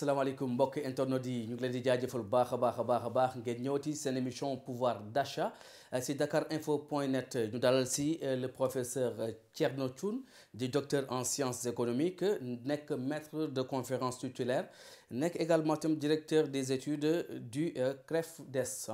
salaamaaleykum mbokk internet di ñu ngi di jaajëfal bu baax a baax baax a baax ngeen ñëwati seen émission pouvoir d'achat si euh, dakar info point net ñu dalal si euh, le professeur euh, Thierno Thioune di docteur en sciences économiques nekk maître de conférence titulaire nekk également tam directeur des études du euh, CREFDES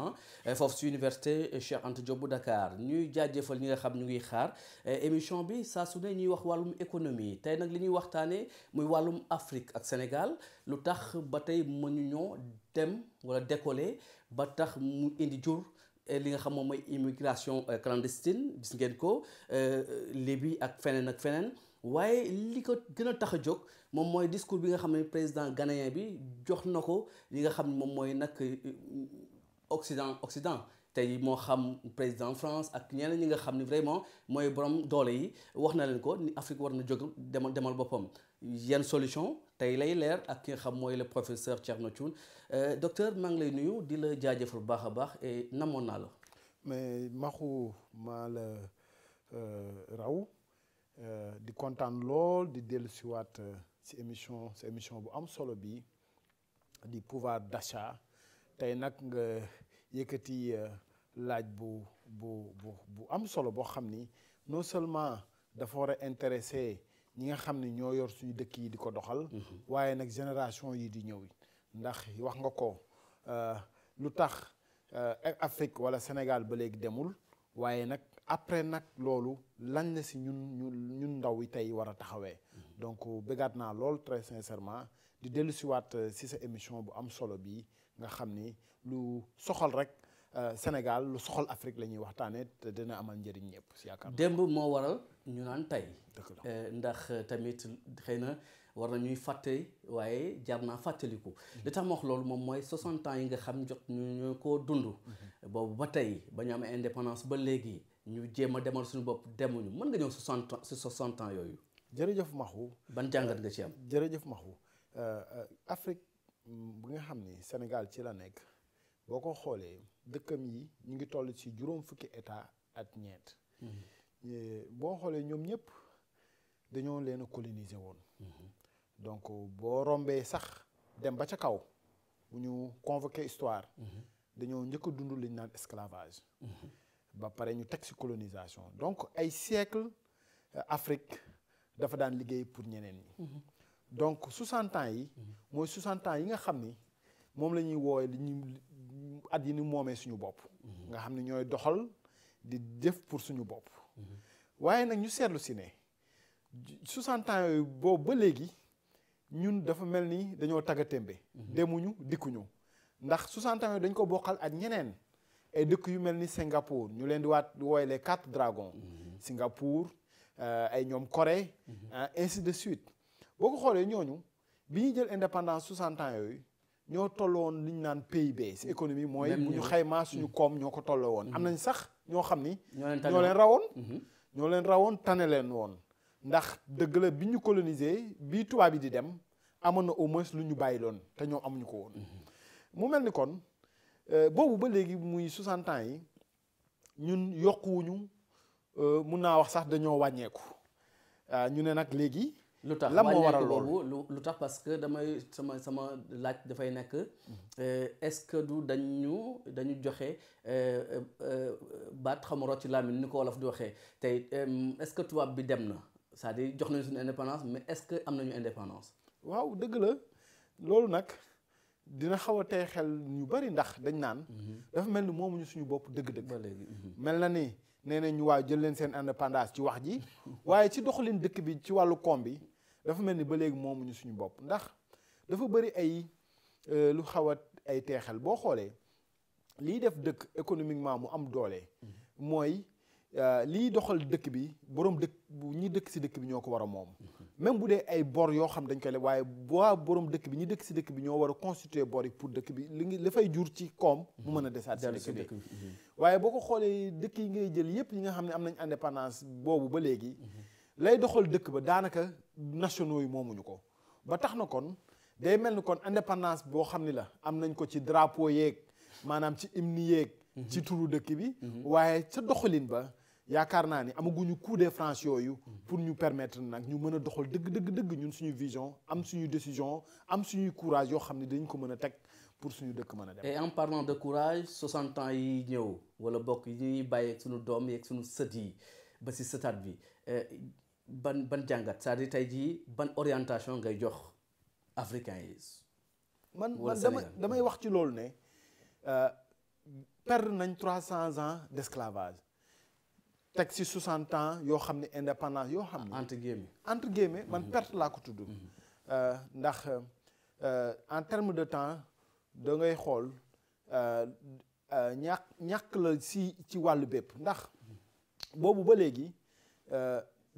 euh, foofu si université euh, Cheikh Anta Diop bu Dakar ñuy jaajëfal ñi nga xam ñu ngi xaar émission bi saa su ne ñuy wax wàllum économie tey nag li ñuy waxtaanee muy wàllum Afrique ak Sénégal lu tax ba tey mënuñoo dem wala décoller ba tax mu indi jur. li nga xam moom mooy immigration clandestine gis ngeen ko Libye ak feneen ak feneen waaye li ko gën a tax a jóg moom mooy discours bi nga xam ne président ghanéen bi jox na ko li nga xam ne moom mooy nag euh, Occident Occident tey moo xam président France ak ñeneen ñi nga xam ne vraiment mooy borom doole yi wax na leen ko ni Afrique war na jóg demal demal boppam yenn solution tey lay leer ak ki xam mooy le professeur Thierno Thioune euh, docteur maa ngi lay nuyu di la jaajëfal bu baax a baax namoon naa la. mais maxu maa la euh, raw. Euh, di kontaan lool di dellu siwaat euh, si émission si émission bu am solo bi di pouvoir d'achat tey nag nga yëkkati euh, laaj bu bu bu am solo boo xam ni non seulement dafa war a intéressé ñi nga xam ni ñoo yor suñu dëkk yi di ko doxal mhm. waaye nag génération yi di ñëw ndax wax nga ko lu tax Afrique wala Sénégal ba léegi demul waaye nag après nag loolu lañ la si ñun ñun ñun ndaw yi tey war a taxawee mhm. donc bëggaat naa lool très sincèrement di dellu siwaat euh, si sa émission bu am solo bi nga xam ni lu soxal rek euh, Sénégal lu soxal Afrique la ñuy waxtaanee te dina amal njëriñ ñëpp si yaakaar démb moo waral ñu naan tey euh, ndax tamit xëy na war na ñuy fàtte waaye jar naa fàttaliku mhm. li tax ma wax loolu moom mooy 60 ans yi nga xam jot ñu ñu koo dund mhm. boobu ba tey ba ñu am indépendance ba léegi ñu jéem a demal suñu bopp demuñu mën nga ñëw si 60 ans si 60 ans yooyu jërëjëf Makhou ban jàngat nga ci am jërëjëf Makhou euh, euh, Afrique mm, bi nga xam ni Sénégal ci la nekk boo ko xoolee dëkkam yi ñu ngi toll ci juróom fukki état ak ñeet mhm. euh, boo xoolee ñoom ñëpp dañoo leen a coloniser woon donc boo rombee sax dem ba ca kaw bu ñu convoqué histoire dañoo njëkk a dund li ñu naan esclavage ba pare ñu teg ci colonisation donc ay siècle euh, Afrique dafa daan liggéey pour ñeneen ñi donc 60 ans yi mooy 60 ans yi nga xam ni moom la ñuy woowe li ñuy at yi ni moomee suñu bopp nga xam ne ñooy doxal di jëf pour suñu bopp waaye nag ñu seetlu si ne 60 ans yooyu boobu ba léegi ñun dafa mel ni dañoo tagga mhm. demuñu dikkuñu ndax 60 ans dañ ko bokkal ak ñeneen ay dëkk yu mel ni Singapour ñu leen di waat wooy les quatre dragons mhm. Singapour euh, ay ñoom Corée mhm. ainsi de suite boo ko xoolee ñooñu bi ñu jël indépendance 60 ans yooyu ñoo woon li ñu naan PIB si mm. économie mooy bu ñu xaymaa suñu mm. koom ñoo ko tolloo woon am mm. nañu sax ñoo xam ni ñoo leen rawoon mm-hmm. ñoo leen rawoon tane leen woon ndax dëgg la bi ñu colonisé bi tubaab bi di dem amoon na au moins lu ñu bàyyi loon te ñoom amuñu ko woon. Mm-hmm. mu mel ni kon euh, boobu ba léegi muy 60 ans yi ñun yokkuwuñu euh, mun naa wax sax dañoo wàññeeku euh, ñu ne nag léegi. lu tax lan moo waral loolu lu tax parce que damay sama sama laaj dafay nekk mm-hmm. est-ce que du dañu dañu joxe baat xamuroo ci làmmiñ ni ko wolof di waxee tey est-ce que tubaab bi dem na. c'est-à-dire jox nañu suñu indépendance mais est-ce que am nañu indépendance. waaw dëgg la loolu nag dina xaw a tey xel ñu bari ndax dañ naan. Mhm. dafa mel ni moomuñu suñu bopp dëgg-dëgg. ba léegi mhm. mel na ni nee nañ ñu waaw jël leen seen indépendance ci wax ji. waaye ci doxalin dëkk bi ci wàllu koom bi dafa mel ni ba léegi moomuñu suñu bopp ndax dafa bari ay euh, lu xaw a ay teexel boo xoolee liy def dëkk économiquement mu am doole mhm. mooy. Euh, liy doxal dëkk bi borom dëkk bu ñi dëkk si dëkk bi ñoo ko war a moom même bu dee ay bor yoo xam ne dañ koy waaye waa borom dëkk bi ñi dëkk si dëkk bi ñoo war a constituer bor yi pour dëkk bi li ngi la fay jur ci koom mu mën a desaat si dëkk bi mhm. waaye boo ko xoolee dëkk yi ngay jël yépp yi nga xam ne am nañ indépendance boobu ba léegi lay doxal dëkk ba daanaka nationaux yi moomuñu ko ba tax na kon day mel ni kon indépendance boo xam ni la am nañ ko ci drapeau yéeg maanaam ci hymne yéeg ci turu dëkk bi. Mhm. waaye ca doxalin ba yaakaar naa ni amaguñu coup de France yooyu. Mhm. pour ñu permettre nag ñu mën a doxal dëgg dëgg dëgg ñun suñu vision am suñu décision am suñuy courage yoo xam ne dañ ko mën a teg pour suñu dëkk mën a dem. et en parlant de courage 60 ans yi ñëw wala bokk yi ñuy bàyyeeg suñu doom yeeg suñu sët yi ba si sëtaat bi euh, ban ban jàngat cest à tey jii ban orientation ngay jox africains yi. man man damay damay wax ci loolu ne. Euh, perdre nañ trois cents ans d'esclavage teg ci soixante ans yoo xam ne indépendance yoo xam ne entre guillemets entre guillemets man mhm. perte laa ko tudd mhm. euh, ndax euh, en terme de temps da ngay xool euh, ñàkk ñàkk la si ci wàllu bépp ndax boobu ba léegi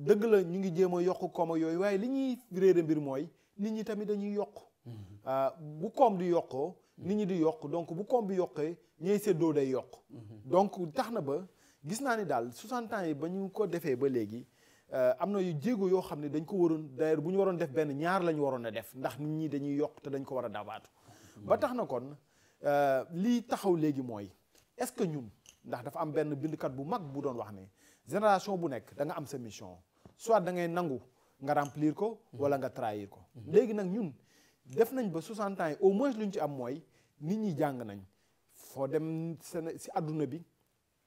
dëgg la ñu ngi jéem a yokk koom yooyu waaye li ñuy réere mbir mooy nit ñi tamit dañuy yokk mhm. bu koom di yokkoo nit ñi di yokk donc bu koom bi yokkee ñooy seddoo day yokk mhm. donc tax na ba gis naa ni daal 60 ans yi ba ñu ko defee ba léegi euh, am na yu jéego yoo xam ne dañ ko waroon d'ailleurs bu ñu waroon def benn ñaar la ñu waroon a def ndax nit ñi dañuy yokk te dañ ko war a dawaatu mhm. ba tax na kon euh, lii taxaw léegi mooy est-ce que ñun ndax dafa am benn bindkat bu mag bu doon wax ne génération bu nekk da nga am sa mission soit da ngay nangu nga remplir ko mhm. wala nga trahir ko léegi nag ñun def nañ ba 60 ans yi moins lu ñu ci am mooy nit ñi jàng nañ foo dem Séné si àdduna bi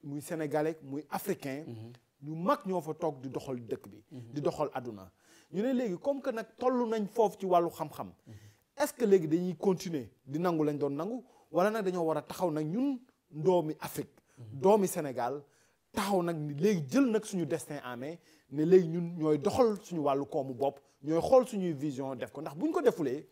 muy sénégalais muy africain mhm. ñu mag ñoo fa toog di doxal dëkk bi mhm. di doxal àdduna ñu ne léegi comme que nag toll nañ foofu ci wàllu xam-xam mhm. est-ce que léegi dañuy continuer di nangu lañ doon nangu wala nag dañoo war a taxaw nag ñun doomi Afrique doomi Sénégal taxaw nag léegi jël nag suñu destin en main ne léegi ñun ñooy doxal suñu wàllu koomu bopp ñooy xool suñuy vision def ko ndax buñ ko defulee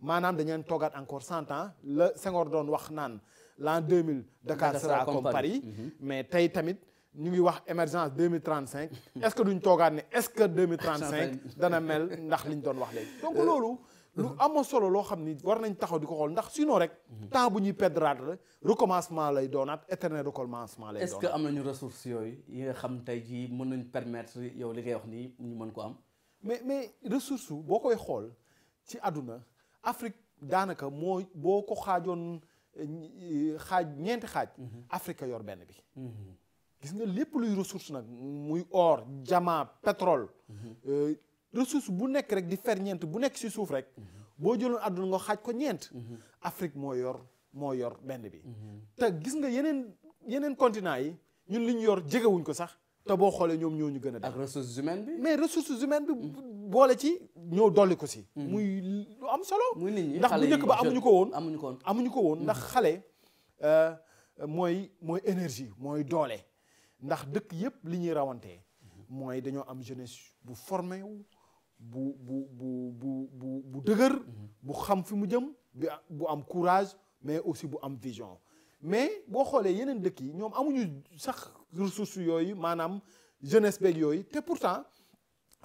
maanaam dañu leen toogaat encore cent ans la Senghor doon wax naan l'an 2000 Dakar sera comme Paris mhm. mais tey tamit ñu ngi wax émergence 2035 est-ce que duñ toogaat ne est-ce que 2035 dana mel ndax liñ doon wax léegi donc euh, loolu lu amoo solo loo xam ni war nañ taxaw di ko xool ndax sinon rek mhm. temps bu ñuy perdraat rek recommencement lay doonaat éternel recommencement lay doonaat. est-ce que am nañu ressources yooyu yi nga xam tey jii mën nañ permettre yow li ngay wax nii ñu mën ko am mais mais ressource boo koy xool ci àdduna Afrique daanaka moo boo ko xaajoon xaaj ñeenti xaaj. Mhm. Afrique yor benn bi. Mhm. gis nga lépp luy ressource nag muy or jamaa petrole mhm. euh, ressource bu nekk rek di ferñeent bu nekk si suuf rek. boo jëloon àdduna nga xaaj ko ñeent. Afrique moo yor moo yor benn bi. te gis nga yeneen yeneen continent yi ñun li ñu yor jegewuñ ko sax. te boo xoolee ñoom ñoo ñu gën a. ak ressources humaines bi. mais ressources humaines bi. boole ci ñoo dolli ko si. Mm-hmm. muy lu am solo. muy nit ñi ndax bu njëkk ba amuñu ko woon. amuñu ko amuñu ko woon ndax mm-hmm. xale. Euh, mooy mooy énergie mooy doole ndax dëkk yépp li ñuy rawantee mm-hmm. mooy dañoo am jeunesse bu formé wu bu bu bu bu bu bu dëgër bu xam fi mu jëm bi bu am courage mais aussi bu am vision mais boo xoolee yeneen dëkk yi ñoom amuñu sax ressource yooyu maanaam jeunesse beeg yooyu te pourtant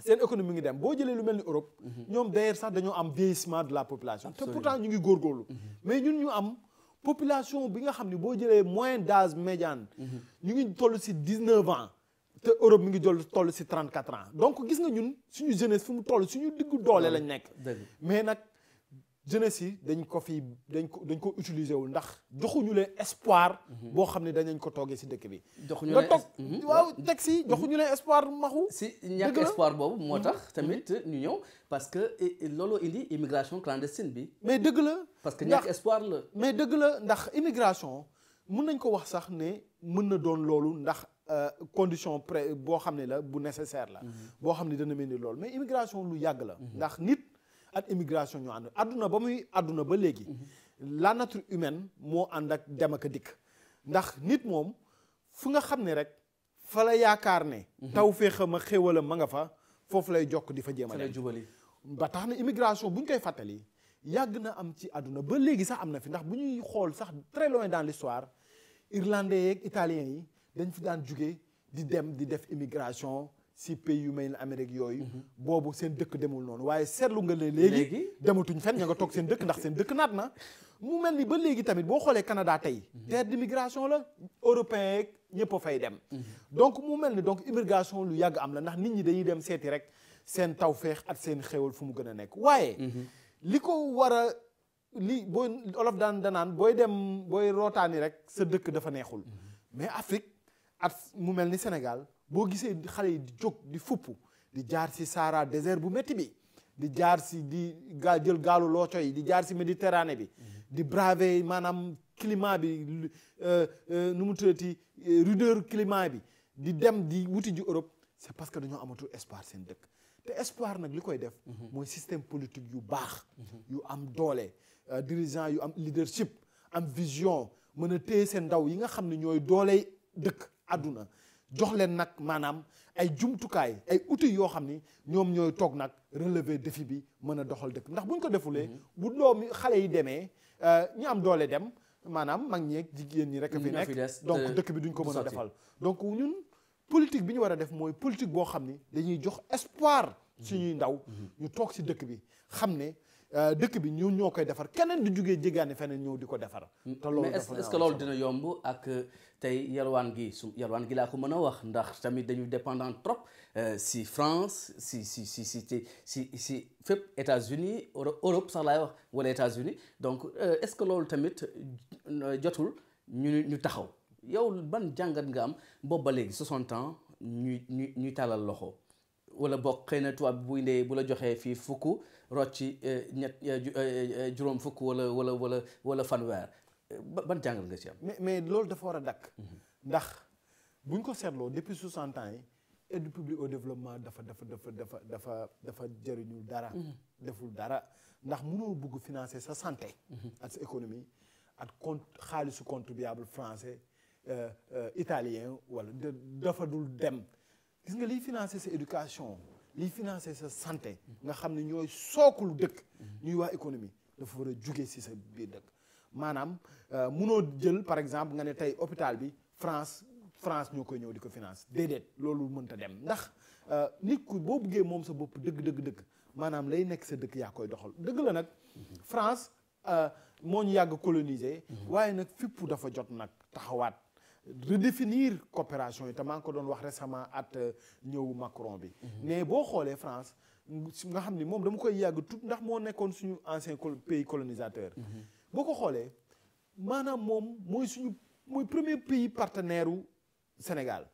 seen économie ngi dem boo jëlee lu mel ni Europe. Mhm. ñoom d'ailleurs sax dañoo am vieillissement de la population. te pourtant ñu ngi góorgóorlu. Mhm. mais ñun ñu am population bi nga xam ni boo jëlee moyen d'âge médiane. Mhm. ñu ngi tollu si dix-neuf ans. te Europe mi ngi jol toll ci trente-quatre ans donc gis nga ñun suñu jeunesse fu mu toll suñu diggu doole lañ nekk. mais nag. jeunesse yi dañ ko fi dañ ko dañ ko utiliser wul ndax joxuñu leen espoir. Mhm. boo xam ne danañ ko toogee si dëkk bi. joxuñu leen nga toog mhm. waaw teg si joxuñu leen espoir maxu. si ñàkk espoir boobu moo tax. Mhm. tamit ñu ñëw parce que looloo indi immigration clandestine bi. mais dëgg la. parce que ñàkk espoir la. mais dëgg la ndax immigration mun nañ ko wax sax ne mën na doon loolu ndax euh, condition pré boo xam ne la bu nécessaire la. boo xam ne dana mel ni loolu mais immigration lu yàgg la. ndax nit. ak immigration ñoo ànd àdduna ba muy àdduna ba léegi la nature humaine moo ànd ak dem ak dikk ndax nit moom fu nga xam ne rek fa la yaakaar ne taw féexam a xéwala ma nga fa foofu lay jokk di fa jéem a ba tax na immigration bu ñu koy fàttali yàgg na am ci àdduna ba léegi sax am na fi ndax bu ñuy xool sax très loin dans l'histoire irlandais yeeg italiens yi dañ fi daan jugee di dem di def immigration si pays yu may ni Amérique yooyu. Mhm. boobu seen dëkk demul noonu waaye seetlu nga ne léegi. dematuñ fen ña nga toog seen dëkk ndax seen dëkk naat na. mu mel ni ba léegi tamit boo xoolee Canada tey. Mhm. terre d'immigration la européen yeeg ñëpp a fay dem. Mhm. donc mu mel ni donc immigration lu yàgg am la ndax nit ñi dañuy dem seeti rek seen tawféex ak seen xéwal fu mu gën a nekk waaye. li ko war a li booy olof daan danaan booy dem booy rootaani rek sa dëkk dafa neexul mais Afrique at mu mel ni Sénégal. boo gisee xale yi di jóg di fupp di jaar si saara désert bu métti bi di jaar si di gaa jël gaalu looco yi di jaar si Méditerranée bi di braver maanaam climat bi euh, euh, nu mu tuddati euh, rudeur climat bi di dem di wuti ji Europe c'est parce que dañoo amatul espoir seen dëkk te espoir nag li koy def mooy système politique yu baax yu am doole dirigeant yu am leadership am vision mën a téye seen ndaw yi nga xam ne ñooy doole dëkk adduna jox leen nag maanaam ay jumtukaay ay outils yoo xam ni ñoom ñooy toog nag relever défi bi mën a doxal dëkk ndax bu ñu ko defulee. Mhm. bu doom xale yi demee euh, ñi am doole dem maanaam mag ñeeg jigéen ñi rek fi nekk donc dëkk bi duñ ko mën a defal donc ñun politique bi ñu war a def mooy politique boo xam ni dañuy jox espoir suñuy mhm. ndaw mhm. ñu toog si dëkk bi xam ne. Euh, dëkk bi ñoo ñoo koy defar keneen di jugee jégaane feneen ñëw di ko defar. Mm. te loolu mais est-ce que loolu dina yomb ak euh, tey yarwaan gi su yalwaan gi laa ko mën a wax ndax tamit dañu dépendant trop euh, si France si si si si si fépp États-Unis Europe sax laay wax wala États-Unis donc est-ce que loolu tamit jotul ñu ñu taxaw yow ban jàngat nga am boobu ba léegi 60 ans ñuy ñu ñuy tàllal loxo wala boog xëy na tubaab buy ndee bu la joxee fii fukk. rocci eh, ñett eh, eh, juróom fukk wala wala wala wala fanweer ban jàngal nga ci am. mais mais loolu dafa war a dakk mhm. ndax buñ ko seetloo depuis 60 ans yi aide publique au développement dafa dafa dafa dafa dafa dafa jëriñul dara. Mhm. deful dara ndax mënoo bugg financer sa santé. Mhm. ak sa économie ak compte xaalisu contribuable français euh, euh, italien wala dafa dul dem gis nga liy financer sa éducation. liy financer sa santé nga xam ne ñooy sookul dëkk ñuy waa économie dafa war a jugee si sa biir dëkk maanaam euh, munoo jël par exemple nga ne tey hôpital bi France France ñoo koy ñëw di ko finance déedéet loolu mënta dem ndax euh, nit ku boo buggee moom sa bopp dëgg dëgg dëgg maanaam lay nekk sa dëkk yaa koy doxal dëgg la nag France euh, moo ñu yàgg coloniser mm-hmm. waaye nag fippu dafa jot nag taxawaat redéfinir coopération yi te maa ngi ko doon wax récemment at euh, ñëw Macron bi. Mhm. mais boo xoolee France nga xam ni moom dama koy yàgg tout ndax moo nekkoon suñu ancien pays colonisateur. Mhm. boo ko xoolee maanaam moom mooy suñu mooy premier pays partenaire u Sénégal.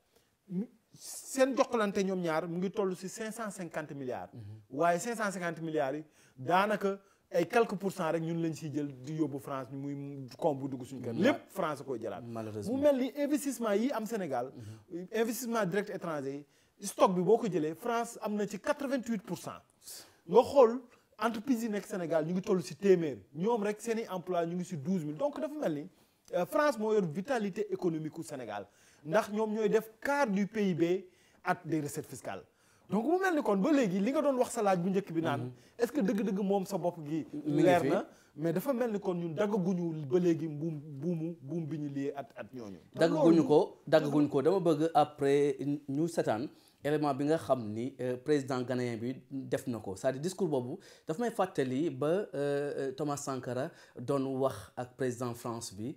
seen jokkalante ñoom ñaar mu ngi toll si cinq cent cinquante milliards. Mhm. waaye cinq cinquante milliards yi daanaka. ay quelques pour cent rek ñun lañ siy jël di yóbbu France muy koom bu dugg suñu kër. lépp France koy jëlaat. malheureusement mu mel ni investissement yi am Sénégal. Mm-hmm. investissement direct étranger yi stock bi boo ko jëlee France am na ci 88 pour cent. nga xool entreprise yi nekk Sénégal ñu ngi toll si téeméer ñoom rek seen i emploi ñu ngi si 12000 donc dafa mel ni euh, France moo yor vitalité économique u Sénégal ndax ñoom ñooy def quart du PIB at de recettes fiscales. donc mu mel ni kon ba léegi li nga doon wax sa laaj bu njëkk bi naan mhm. est-ce que dëgg-dëgg moom sa bopp gi leer na mais dafa mel ni kon ñun daggaguñu ba léegi mbuum buumu buum bi ñu liyee at at ñooñu daggaguñu ko daggaguñu ko dama bëgg après ñu setaan élément bi nga xam ni euh, président ghanéen bi def na ko c'est-à-dire discours boobu dafa may fàttali ba euh, euh, Thomas Sankara doon wax ak président France bi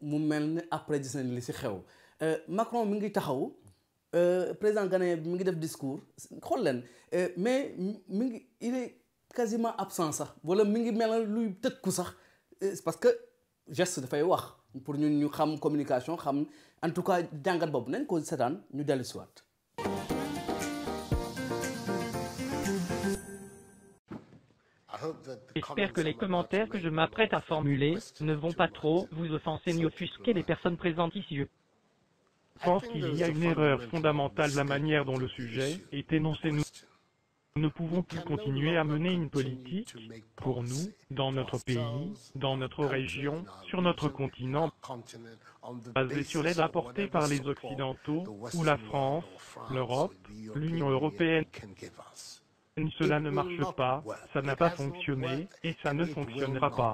mu mel ni après gis li si xew Macron mu ngi taxaw Euh, président ghanéen bi mi ngi def discours xool leen euh, mais mi ngi il est quasiment absent sax wala mi ngi mel luy tëkku sax euh, parce que geste dafay wax pour ñun ñu xam communication xam en tout cas jàngat boobu nañ ko seetaan ñu dellu si waat J'espère que les commentaires que je m'apprête à formuler ne vont pas trop vous offenser ni offusquer les personnes présentes ici. pense qu'il y a une erreur fondamentale de la manière dont le sujet est énoncé. Nous ne pouvons plus continuer à mener une politique, pour nous, dans notre pays, dans notre région, sur notre continent, basée sur l'aide apportée par les Occidentaux, ou la France, l'Europe, l'Union européenne. Cela ne marche pas, ça n'a pas fonctionné, et ça ne fonctionnera pas.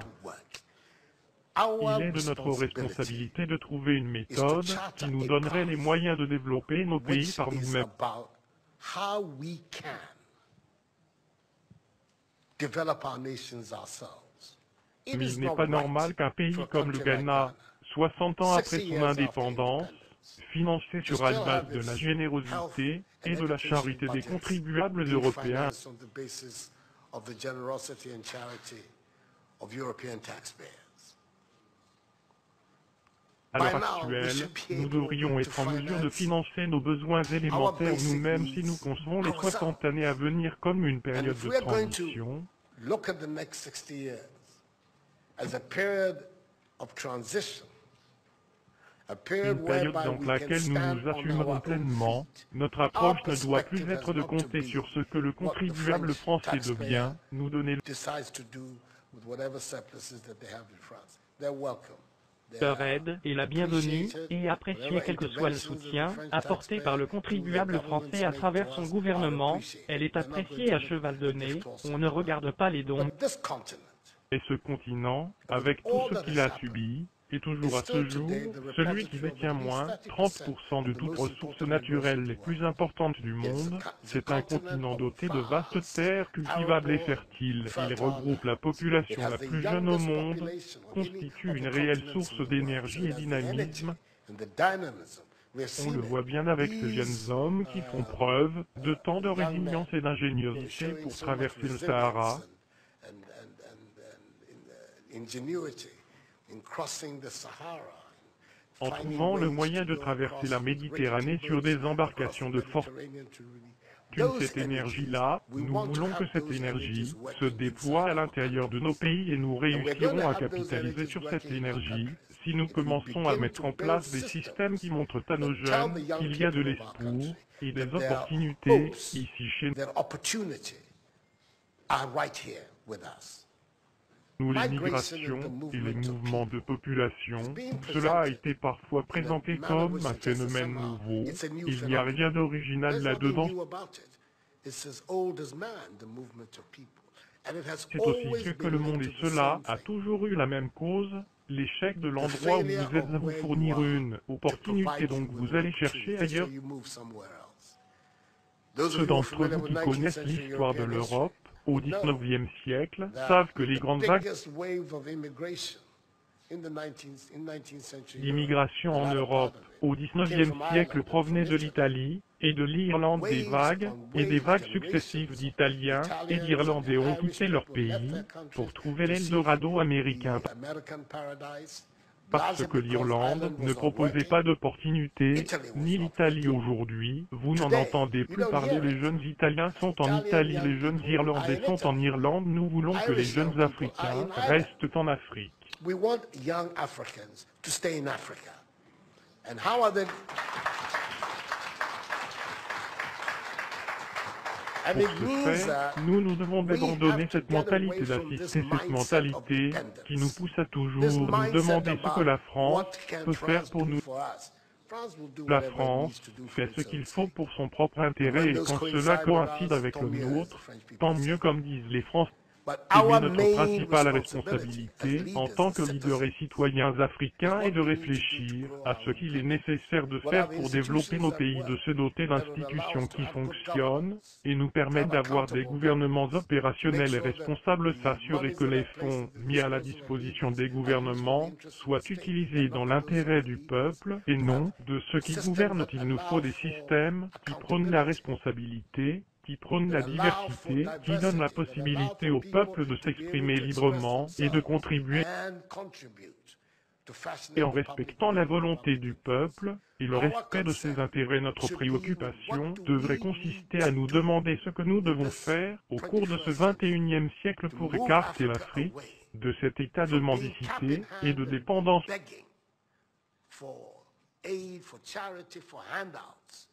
Il est de notre responsabilité de trouver une méthode qui nous donnerait les moyens de développer nos pays par nous-mêmes. Mais il n'est pas normal qu'un pays comme le Ghana, 60 ans après son indépendance, financé sur la base de la générosité et de la charité des contribuables européens, À l'heure actuelle, nous devrions être en mesure de financer nos besoins ah, élémentaires nous-mêmes si nous concevons les 60 années à venir comme une période de transition. Une période dans laquelle nous nous assumerons pleinement, notre approche ne doit plus être de compter sur ce que le contribuable français devient, nous donner le... Leur aide est la et appréciée quel que soit le soutien apporté par le contribuable français à travers son gouvernement. Elle est appréciée à cheval donné. On ne regarde pas les dons. Et ce continent, avec tout ce qu'il a subi, et toujours à ce jour, celui qui détient moins 30% de toutes ressources naturelles les plus importantes du monde, c'est un continent doté de vastes terres cultivables et fertiles. Il regroupe la population la plus jeune au monde, constitue une réelle source d'énergie et dynamisme. On le voit uh, de tant de résilience et d'ingéniosité pour traverser le Sahara. en trouvant le moyen de traverser la Méditerranée sur des embarcations de fortune. Cette énergie-là, nous voulons que cette énergie se déploie à l'intérieur de nos pays et nous réussirons à capitaliser sur cette énergie si nous commençons à mettre en place des systèmes qui montrent à nos jeunes qu'il y a de l'espoir et des opportunités ici chez nous. nous les migrations et les mouvements de population. Cela a été parfois présenté comme un phénomène nouveau. Il n'y a rien d'original là-dedans. C'est aussi vieux que le monde et cela a toujours eu la même cause, l'échec de l'endroit où vous êtes à vous fournir une opportunité, donc vous allez chercher ailleurs. Ceux d'entre vous qui connaissent l'histoire de l'Europe au XIXe siècle savent que les grandes vagues L'immigration en Europe au XIXe siècle provenait de l'Italie et de l'Irlande des vagues, et des vagues successives d'Italiens et d'Irlandais ont quitté leur pays pour trouver l'Eldorado américain. parce que l'Irlande ne proposait pas d'opportunité, ni l'Italie aujourd'hui. Vous n'en entendez plus parler, les jeunes Italiens sont en Italie, les jeunes Irlandais sont en Irlande, nous voulons que les jeunes Africains restent en Afrique. Pour ce faire, euh, nous, nous devons abandonner cette mentalité d'assister, cette mentalité qui nous pousse à toujours nous demander ce que la France peut faire pour nous. La ce qu'il faut pour son propre intérêt et quand cela coïncide avec le nôtre, tant mieux comme disent les Français. mais notre principale responsabilité en tant que leaders et citoyens africains est de réfléchir à ce qu'il est nécessaire de faire pour développer nos pays, de se doter d'institutions qui fonctionnent et nous permettent d'avoir des gouvernements opérationnels et responsables, s'assurer que les fonds mis à la disposition des gouvernements soient utilisés dans l'intérêt du peuple et non de ceux qui gouvernent. Il nous faut des systèmes qui prônent la responsabilité qui prône la diversité, qui donne la possibilité au peuple de s'exprimer librement et de contribuer. Et en respectant la volonté du peuple et le respect de ses intérêts, notre préoccupation devrait consister à nous demander ce que nous devons faire au cours de ce 21e siècle pour écarter l'Afrique de cet état de mendicité et de dépendance. for aid, for charity, for handouts.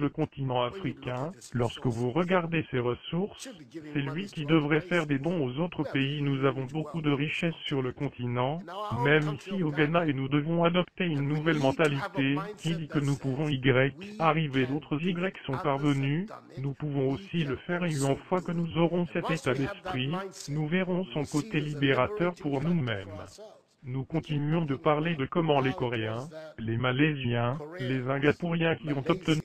Le continent africain, lorsque vous regardez ses ressources, c'est lui qui devrait faire des dons aux autres pays. Nous avons beaucoup de richesses sur le continent, même ici au Ghana, et nous devons adopter une nouvelle mentalité qui dit que nous pouvons Y arriver. D'autres Y sont parvenus, nous pouvons aussi le faire et fois que nous aurons cet état d'esprit, nous verrons son côté libérateur pour nous-mêmes. Nous continuons de parler de comment les Coréens, les Malaisiens, les Singapouriens qui ont obtenu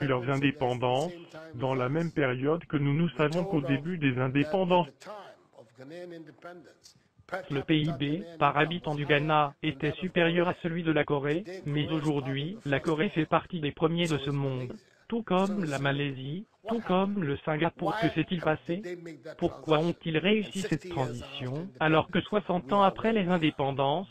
leurs indépendances dans la même période que nous nous savons qu'au début des indépendances, le PIB par habitant du Ghana était supérieur à celui de la Corée, mais aujourd'hui, la Corée fait partie des premiers de ce monde. tout comme la Malaisie, tout comme le Singapour. Que s'est-il passé Pourquoi ont-ils réussi cette transition alors que 60 ans après les indépendances,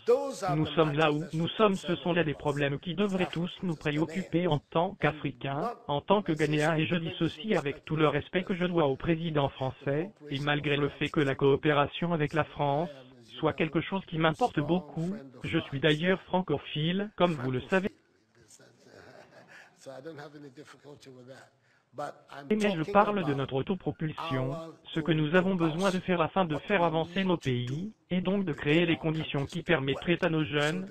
nous sommes là où nous sommes Ce sont là des problèmes qui devraient tous nous préoccuper en tant qu'Africains, en tant que Ghanéens et je dis ceci avec tout le respect que je dois au président français, et malgré le fait que la coopération avec la France soit quelque chose qui m'importe beaucoup, Mais je parle de notre autopropulsion, ce que nous avons besoin de faire afin de faire avancer nos pays, et donc de créer les conditions qui permettraient à nos jeunes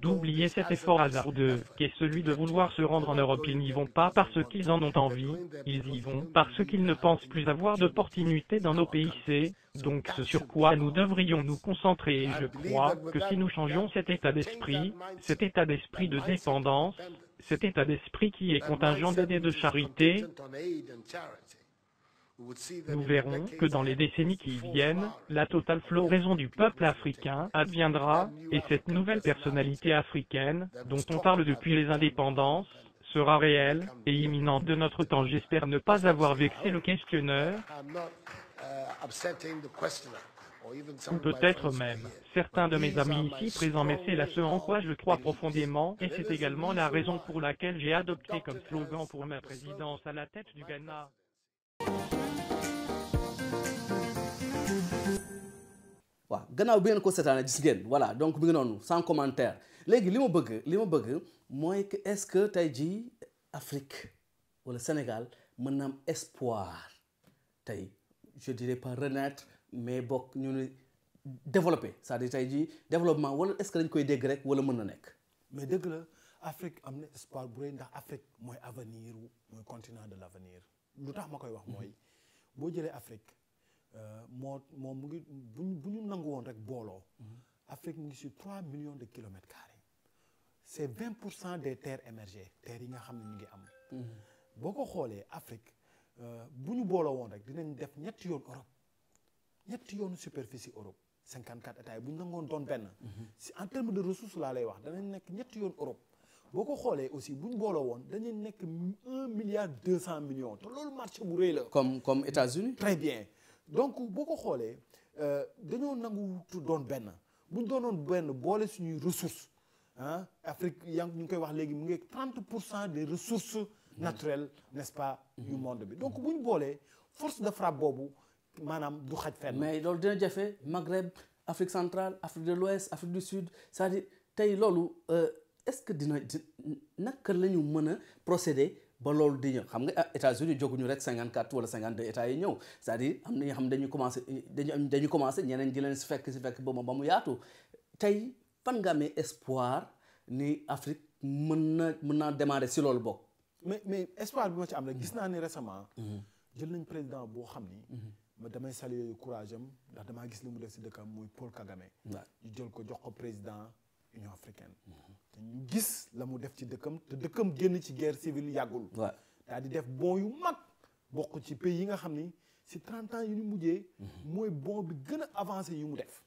d'oublier cet effort hasardeux, qu'est celui de vouloir se rendre en Europe. Ils n'y vont pas parce qu'ils en ont envie, ils y vont parce qu'ils ne pensent plus avoir d'opportunités dans nos pays. C'est donc sur quoi nous devrions nous concentrer et je crois que si nous changeons cet état d'esprit, cet état d'esprit de dépendance, cet état d'esprit qui est contingent d'aide de charité, Nous verrons que dans les décennies qui viennent, la totale floraison du peuple africain adviendra, et cette nouvelle personnalité africaine, dont on parle depuis les indépendances, sera réelle et imminente de notre temps. J'espère ne pas avoir vexé le questionneur peut-être même certains de mes amis ici présents, mais c'est là quoi je crois profondément, et c'est également la raison pour laquelle j'ai adopté comme slogan pour ma présidence à la tête du waaw gannaaw bi ngeen ko seetaanee gis ngeen voilà donc mi ngi noonu sans commentaire léegi li ma bëgg li ma bëgg mooy que est-ce que tey jii Afrique wala Sénégal mën na am espoir tey je dirais pas renaître mais bokk ñu développer cest à jii développement wala est-ce que koy dégg rek wala mën na nekk. mais dëgg la Afrique am na espoir bu rëy ndax Afrique mooy avenir mooy continent de l'avenir lu tax ma koy wax mooy boo jëlee Afrique. Euh, moo moom mu ngi bu ñu nangu woon rek booloo. Mm-hmm. Afrique mu ngi si 3 millions de kilomètres carrés. c' est 20 pour cent des terres émergées terres yi nga xam ne ñu ngi am. Mm-hmm. boo ko xoolee Afrique euh, bu ñu booloo woon rek dinañ def ñetti yoon Europe ñetti yoon superficie Europe. 54 états yi bu ñu nangoon doon benn. Mm-hmm. si en terme de ressources laa lay wax danañ nekk ñetti yoon Europe. boo ko xoolee aussi bu ñu booloo woon dañuy nekk 1 milliard 200 millions te loolu marché bu rëy comme comme États-Unis. bien. donc boo ko xoolee euh, dañoo nanguwutu doon benn bu doonoon benn boole suñuy ressources ah Afrique yaa ngi ñu koy wax léegi mu ngi 30 pour cent des ressources naturelles n'est-ce pas yu mm-hmm. monde bi donc bu ñu boolee force de frappe boobu maanaam du xaj fenn. mais loolu dina jafe Maghreb Afrique centrale Afrique de l'Ouest Afrique du Sud cest à tey loolu euh, est-ce que dina naka la ñu mën a procéder. ba loolu di ñëw xam nga ah, États-Unis joguñu rek cinquante quatre wala cinquante deux états yi ñëw c'est-à-dire am na ñoo xam dañu commencé dañu dañu commencé ñeneen di leen si fekk si fekk ba mu ba tey fan nga amee espoir ni Afrique mën na mën naa démarrer si loolu bokk. mais mais espoir bi ma ci am rek gis naa ne récemment. Mm-hmm. Mm-hmm. jël nañ président boo xam ni. Mm-hmm. damay saluer courage am ndax damaa gis li mu def si dëkka muy Paul Kagame. ñu jël ko jox ko président. Union africaine. te ñu gis la mu def ci dëkkam te dëkkam génn ci guerre civile yàggul. waaw daal di def bon yu mag bokk ci pays yi nga xam ni si 30 yi yu ñu mujjee. Mhm. mooy bon bi gën a avancé yu mu def.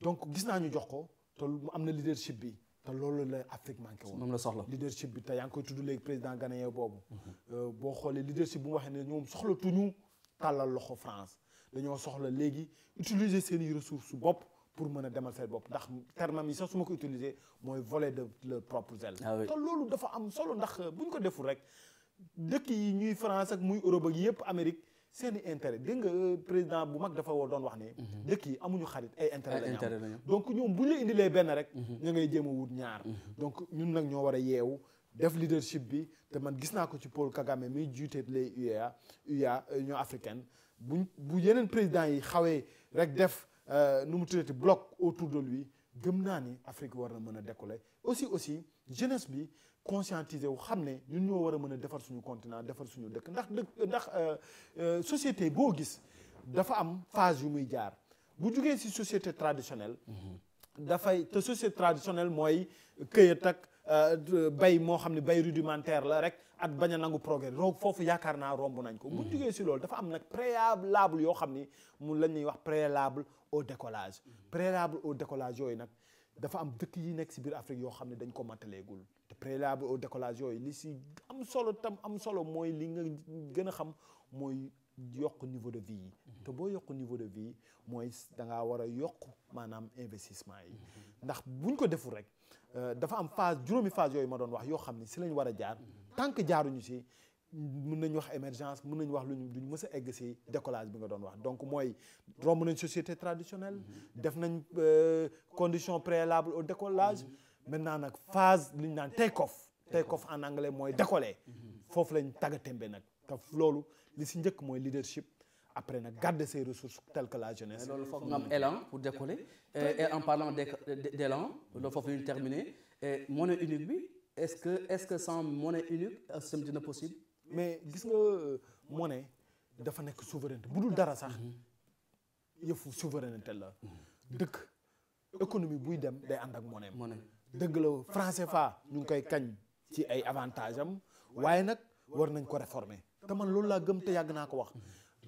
donc gis naa ñu jox ko te mu am na leadership bi. te loolu la Afrique manqué woon moom la soxla leadership bi te yaa ngi koy tudd léegi président ghanéen boobu. Mhm. Euh, boo xoolee leadership bu mu waxee ne ñoom soxlatuñu tàllal loxo France dañoo soxla léegi utiliser seen bopp. pour mën a demal seen bopp ndax terme yi sax su ma ko utiliser mooy voler de leur propre zèle ah te loolu dafa am solo ndax bu ñu ko deful rek dëkk yi ñuy France ak muy Europe ak yëpp Amérique seen i intérêt dégg nga euh, président bu mag dafa woo doon wax ne mhm. dëkk yi amuñu xarit ay intérêt lañu am donc ñoom bu ñu la indilee benn rek mhm. ñu ngay jéem a wut ñaar mhm. donc ñun nag ñoo war a yeewu def leadership bi te man gis naa ko ci Paul Kagame miy jiite les UEA UEA Union africaine buñ bu président yi xawee rek Euh, nu mu tuddati bloc autour de lui gëm naa ni Afrique war na mën a décoller aussi aussi jeunesse bi conscientiser wu xam ne ñun ñoo war a mën a defar suñu continent defar suñu dëkk ndax dëkk ndax euh, euh, société boo gis dafa am phase yu muy jaar bu jugee ci société traditionnelle mhm. dafay te société traditionnelle mooy këyat ak Euh, bay moo xam ne bay rudimentaire la rek at bañ a nangu progrès donc foofu yaakaar naa romb nañ ko mu ñu jógee si loolu dafa am nag préalable yoo xam ni mu la ñuy wax préalable au décollage préalable au décollage yooyu nag dafa am dëkk yi nekk si biir Afrique yoo xam ne dañ ko mataleegul te préalable au décollage yooyu li si am solo tam am solo mooy li nga gën a xam mooy yokk niveau de vie yi te boo yokk niveau de vie mooy da war a yokk maanaam investissement yi ndax buñ ko deful rek Euh, dafa am phase juróomi phase yooyu ma doon wax yoo xam ni si lañ war a jaar tant que jaaruñu si mun nañu wax émergence mun nañu wax luñu duñ mës a egg si décollage bi nga doon wax donc mooy romb nañ société traditionnelle def nañ euh, condition préalable au décollage maintenant nag phase li ñu naan take off take off en anglais mooy décoller mhm. foofu lañ tagga témbe nag te loolu li si njëkk mooy leadership après nag garder ses ressources telles que la jeunesse. loolu foog nga am mm. élan pour décoller. et en parlant d'élan loolu foofu la ñuy terminer monnaie unique bi est-ce que est-ce que sans monnaie unique système dina possible. mais gis nga euh, monnaie dafa nekk souveraineté bu dul dara sax yëfu souveraineté la dëkk économie buy dem day ànd ak monnaie. monnaie dëgg la franc fa ñu ngi koy kañ ci ay avantages am waaye nag war nañ ko réformer te man loolu laa gëm te yàgg naa ko wax.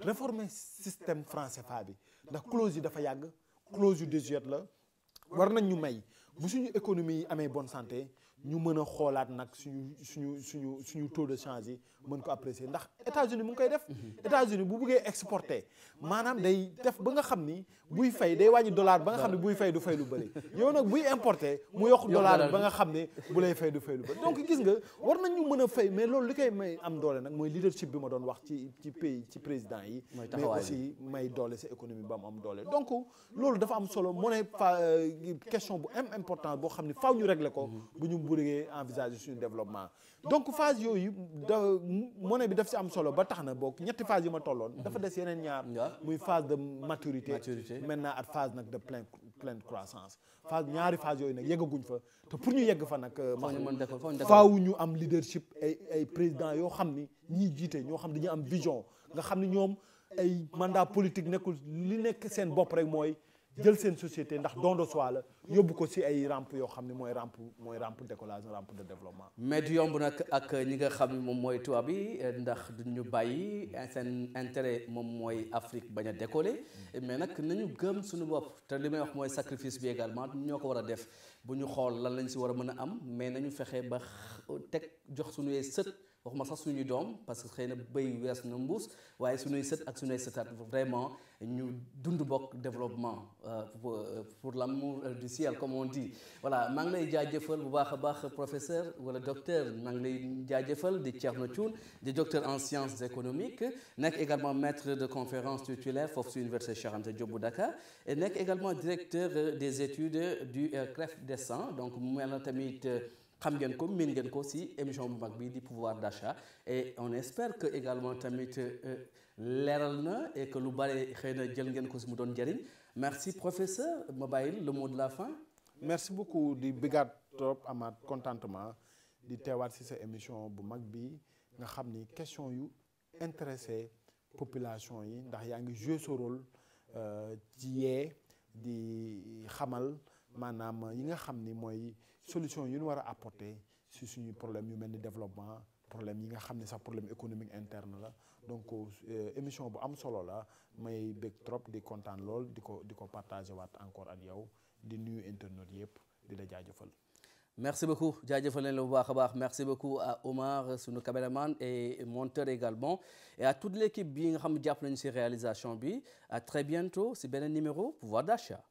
réformer système franc CFA bi ndax clause dafa yàgg clause yu désuète la war nañ ñu may bu suñu économie yi amee bonne santé ñu mën a xoolaat nag suñu suñu suñu suñu taux de change yi mën ko apprécier ndax États-Unis mu ngi koy def. États-Unis bu buggee exporter maanaam day def ba nga xam ni buy fay day wàññi dollar ba nga xam ne buy fay du fay lu bëri yow nag buy importer mu yokk dollar ba nga xam ne bu lay fay du fay lu bëri donc gis nga war nañ ñu mën a fay mais loolu li koy may am doole nag mooy leadership bi ma doon wax ci ci pays ci président yi. mais aussi may doole sa économie ba mu am doole donc loolu dafa am solo mu ne euh, question bu am important boo xam ne faaw ñu régler ko mm-hmm. bëggee envisager suñu développement donc phase yooyu da monnaie bi daf si am solo ba tax na bokk ñetti phase yi ma tolloon dafa des yeneen ñaar muy phase de maturité maintenant ak phase nag de pleine pleine croissance phase ñaari phase yooyu nag yeggaguñ fa te pour ñu yegg fa nag euh, faaw ñu am leadership ay ay président yoo xam ni ñiy jiite ñoo xam dañu am vision nga xam ni ñoom ay mandat politique nekkul li nekk seen bopp rek mooy jël seen société ndax don de soi la yóbbu ko si ay rampe yoo xam ne mooy rampe mooy rampe décollage rampe de développement. mais du yomb nag ak ñi nga xam ne moom mooy tubaab bi ndax du ñu bàyyi seen intérêt moom mooy Afrique bañ a décoller mais nag nañu gëm suñu bopp te li may wax mooy sacrifice bi également ñoo ko war a def bu ñu xool lan lañ si war a mën a am mais nañu fexee ba teg jox suñu sët. waxuma sax suñu doom parce que xëy na béy wees na mbuus waaye suñuy sët ak suñuy sëtaat vraiment ñu dund bokk développement euh, pour l'amour du ciel comme on dit voilà maa ngi lay jaajëfal bu baax a baax professeur wala docteur maa ngi lay jaajëfal di Thierno Thioune di docteur en sciences économiques nekk également maître de conférence titulaire foofu si université Cheikh Anta Diop bu Dakar nekk également directeur des études du euh, CREF sans donc mel na tamit euh, xam ngeen ko miin ngeen ko si émission bu mag bi di pouvoir d'achat et on espère que également tamit euh, leeral na et que lu bare xëy na jël ngeen ko si mu doon njëriñ merci professeur ma bàyyi le mot de la fin. merci beaucoup di bigaat trop amaat contentement di teewaat si sa émission bu mag bi nga xam ni question yu intéressé population yi ndax yaa ngi joué sa rôle euh, ci yee di xamal. maanaam yi nga xam ni mooy solution yu ñu war a apporter si suñu problème yu mel ni développement problème yi nga xam ne sax problème économique interne la donc euh, émission bu am solo la may bëgg trop di kontaan lool di ko di ko partagé waat encore ak yow di nuyu internet yëpp di la jaajëfal. merci beaucoup jaajëfal leen la bu baax a baax merci beaucoup à Omar sunu caméraman et monteur également et tout toute l'équipe bi nga xam jàpp nañu si réalisation bi à très bientôt beneen numéro pouvoir d'achat